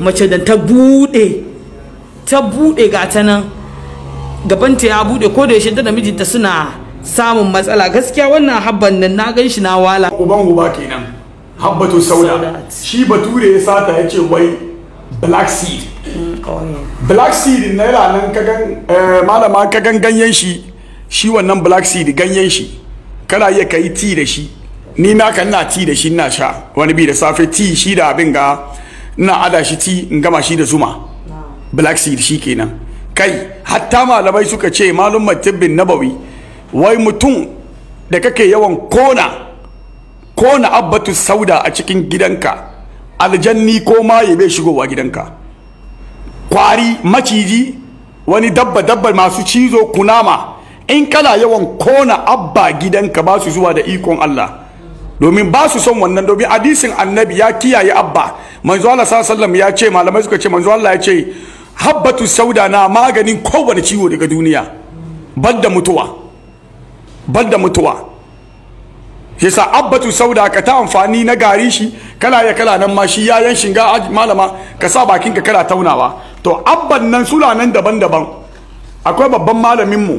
mace da ta bude ta bude ga ta nan gabanta ya bude ko da yaushe da mijinta suna samun matsala gaskiya wannan habban nan na gan shi na wala uban uba kenan habbatu sauda shi bature ya sata ya ce wai black seed black seed na yana nan kagan eh, malama kagan ganyen shi shi wannan black seed ganyen shi kana iya kai ti da shi ni naka ina na ti da shi ina sha wani bi da safe ti shi da abin ga ina ada shi ti in gama shi da zuma black seed shi kenan kai hatta malamai suka ce malum matibbin nabawi wai mutum da kake yawan kona kona abbatu sauda a cikin gidanka aljanni ko maye bai shigowa gidanka kwari maciji wani dabba dabba masu cizo kunama in kana yawan kona abba gidanka ba su zuwa da ikon Allah domin ba su son wannan domin hadisin annabi ya kiyaye abba manzo Allah sallallahu ya ce malamai suka ce manzo Allah ya ce habbatu sauda na maganin kowane ciwo daga duniya badda mutuwa badda mutuwa yasa abbatu sauda ka ta amfani na gari shi kala ya kala nan ma shi yayan shinga malama ka sa bakin ka kana taunawa to abban nan sulanan daban-daban akwai babban malamin mu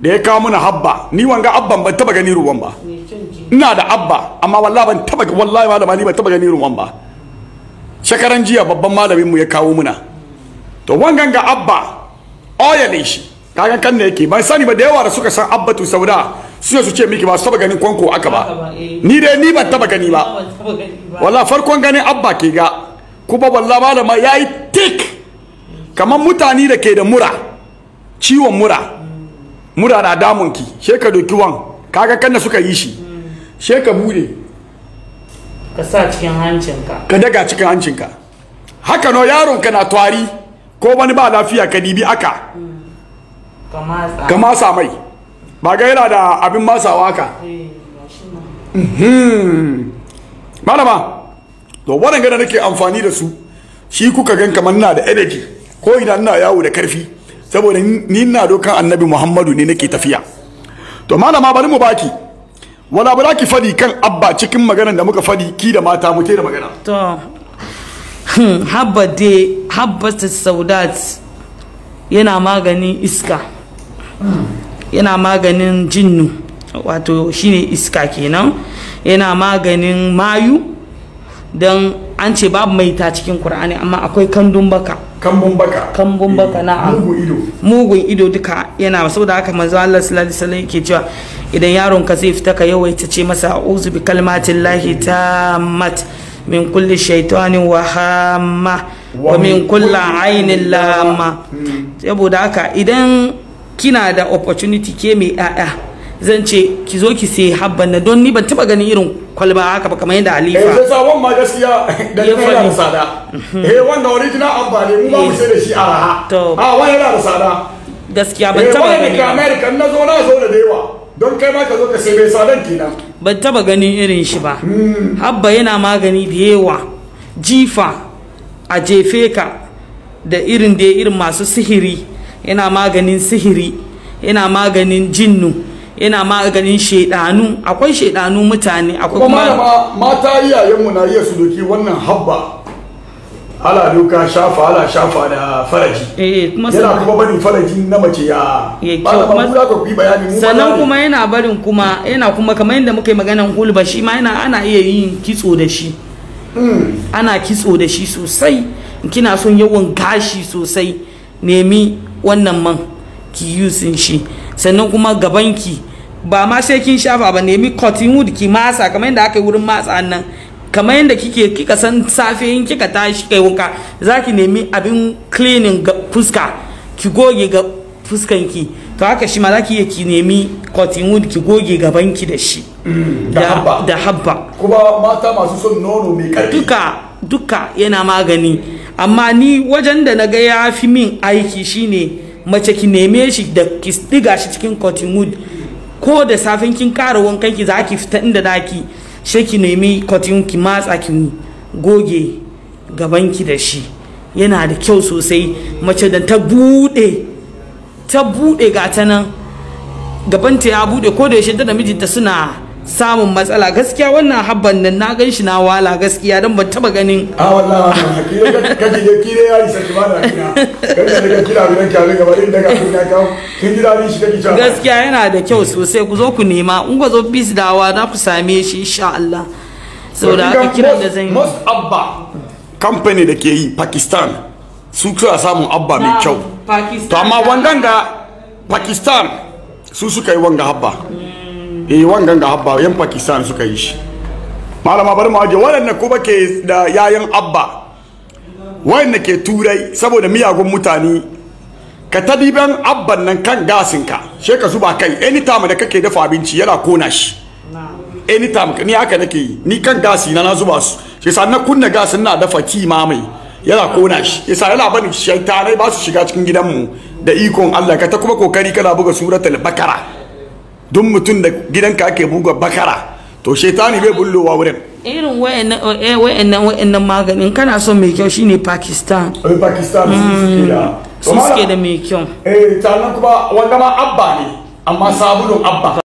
da ya kawo mana habba ni wanga abba ban taba gani ruwan ba ina da abba amma wallahi ban taba wallahi malama ni ban taba gani ruwan ba shekaran jiya babban malamin mu ya kawo muna to wangan ga abba oil shi kaga kan ne yake ban sani ba da yawa da suka san abbatu sauda su su ce miki ba su taba ganin kwanko aka ba ni dai ni ban taba gani ba wallahi farkon ganin abba ke ga kuma wallahi malama yayi tik kamar mutane da ke da mura ciwon mura mura na damun ki sheka ka doki wan kaga kanna suka yi shi sheka ka bude ka sa cikin hancinka ka daga cikin hancinka haka no yaron ka na twari ko wani ba lafiya ka dibi aka ka masa mai ba ga yana da abin masawa ka eh, mhm. malama to da nake amfani da su shi kuka gan kamar na da energy ko ina ina yawo da karfi saboda ni na dokan annabi muhammadu ne nake tafiya to malama bari mu baki wala ba ki fadi kan abba cikin maganar da muka fadi ki da mata mu da magana to hmm, habba de habba saudat yana maganin iska yana maganin jinnu wato shine iska kenan yana maganin mayu don an ce babu maita cikin kur'ani amma akwai kandun baka kambun baka kambun baka na mugun ido mugun ido duka yana saboda haka manzo Allah sallallahu alaihi wasallam yake cewa idan yaron ka zai fita ka yawaita ce masa a'udhu bi kalmatin lahi tammat min kulli shaytanin wa hamma wa min kulli ainin lamma hmm. saboda haka idan kina da opportunity ke mai 'ya'ya zan ce ki zo ki sai habban na don ni ban taba ganin irin kwalba haka ba kamar yadda Alifa. Eh sabon ma gaskiya da ni fara da sada. Eh wanda original abba ne mu ba mu sai da shi a raha. Ah wani yana da sada. Gaskiya ban taba ganin. Eh wani America na zo na zo da dewa. Don kai ma ka zo ka sai mai sadan kenan. Ban taba ganin irin shi ba. Hmm. Habba yana magani da yawa. Jifa a jefe ka da irin da irin masu sihiri yana maganin sihiri yana maganin jinnu yana maganin shaidanu akwai shaidanu mutane akwai kuma mata iyayenmu na iya su doki wannan habba ala doka shafa ala shafa da faraji eh, yana kuma barin faraji na mace ya sannan kuma yana barin kuma yana kuma kamar yadda muka yi maganan hulba shi ma yana ana iya yin kitso da shi hmm. ana kitso da shi sosai kina son yawan gashi sosai nemi wannan man ki yusin shi sannan kuma gabanki ba ma sai kin shafa ba nemi cotton wood ki masa kamar yadda aka yi wurin matsa nan kamar yadda kike kika san safe in kika tashi kai wanka zaki nemi abin cleaning ga fuska ki goge ga fuskan ki to haka shi ma zaki iya ki nemi cotton wood ki goge gaban ki da shi mm, da habba kuma mata masu son nono mai karfi duka duka yana magani amma ni wajen da na ga ya fi min aiki shine mace ki neme shi da ki shi cikin cotton wood ko da safin kin kara wankan ki za ki fita inda da ki she ki nemi kwatin ki matsa ki goge gaban ki da shi yana da kyau sosai mace da ta buɗe ta buɗe ga ta nan gabanta ya buɗe ko da yaushe da ta suna samun matsala gaskiya wannan habban nan na gan shi na wala gaskiya don ban taba ganin a ah, wallahi kaji da kire ya isa ki bana kina kaji da kira bidan gaba din daga kun ya kawo kin ji dadin shi kake cewa gaskiya yana da kyau sosai ku zo ku nema in ku zo bis dawa na ku same shi insha Allah saboda aka kira da zan most abba company da ke yi Pakistan su kira samun abba mai kyau to amma wangan ga Pakistan su suka yi wanga habba eh wangan ga habba yan pakistan suka yi shi malama bari mu aje waɗanda kuma ke da yayan abba waɗanda ke turai saboda miyagun mutane ka ta abban nan kan gasin ka she ka zuba kai anytime da kake dafa abinci yana kona shi anytime ni haka nake yi ni kan gasi na na zuba su she yasa na kunna gasin na dafa ki mamai yana kona shi yasa yana bani shaitanai ba su shiga cikin gidanmu da ikon Allah ka ta kuma kokari kana buga suratul bakara duk mutum da gidanka ake buga bakara to shaitani bai bullowa wurin irin wayannan eh, wayannan maganin kana so mai kyau shine pakistan eh pakistan su mm, suke da mai kyau eh tanan kuma wanda ma abba ne amma sabulun abba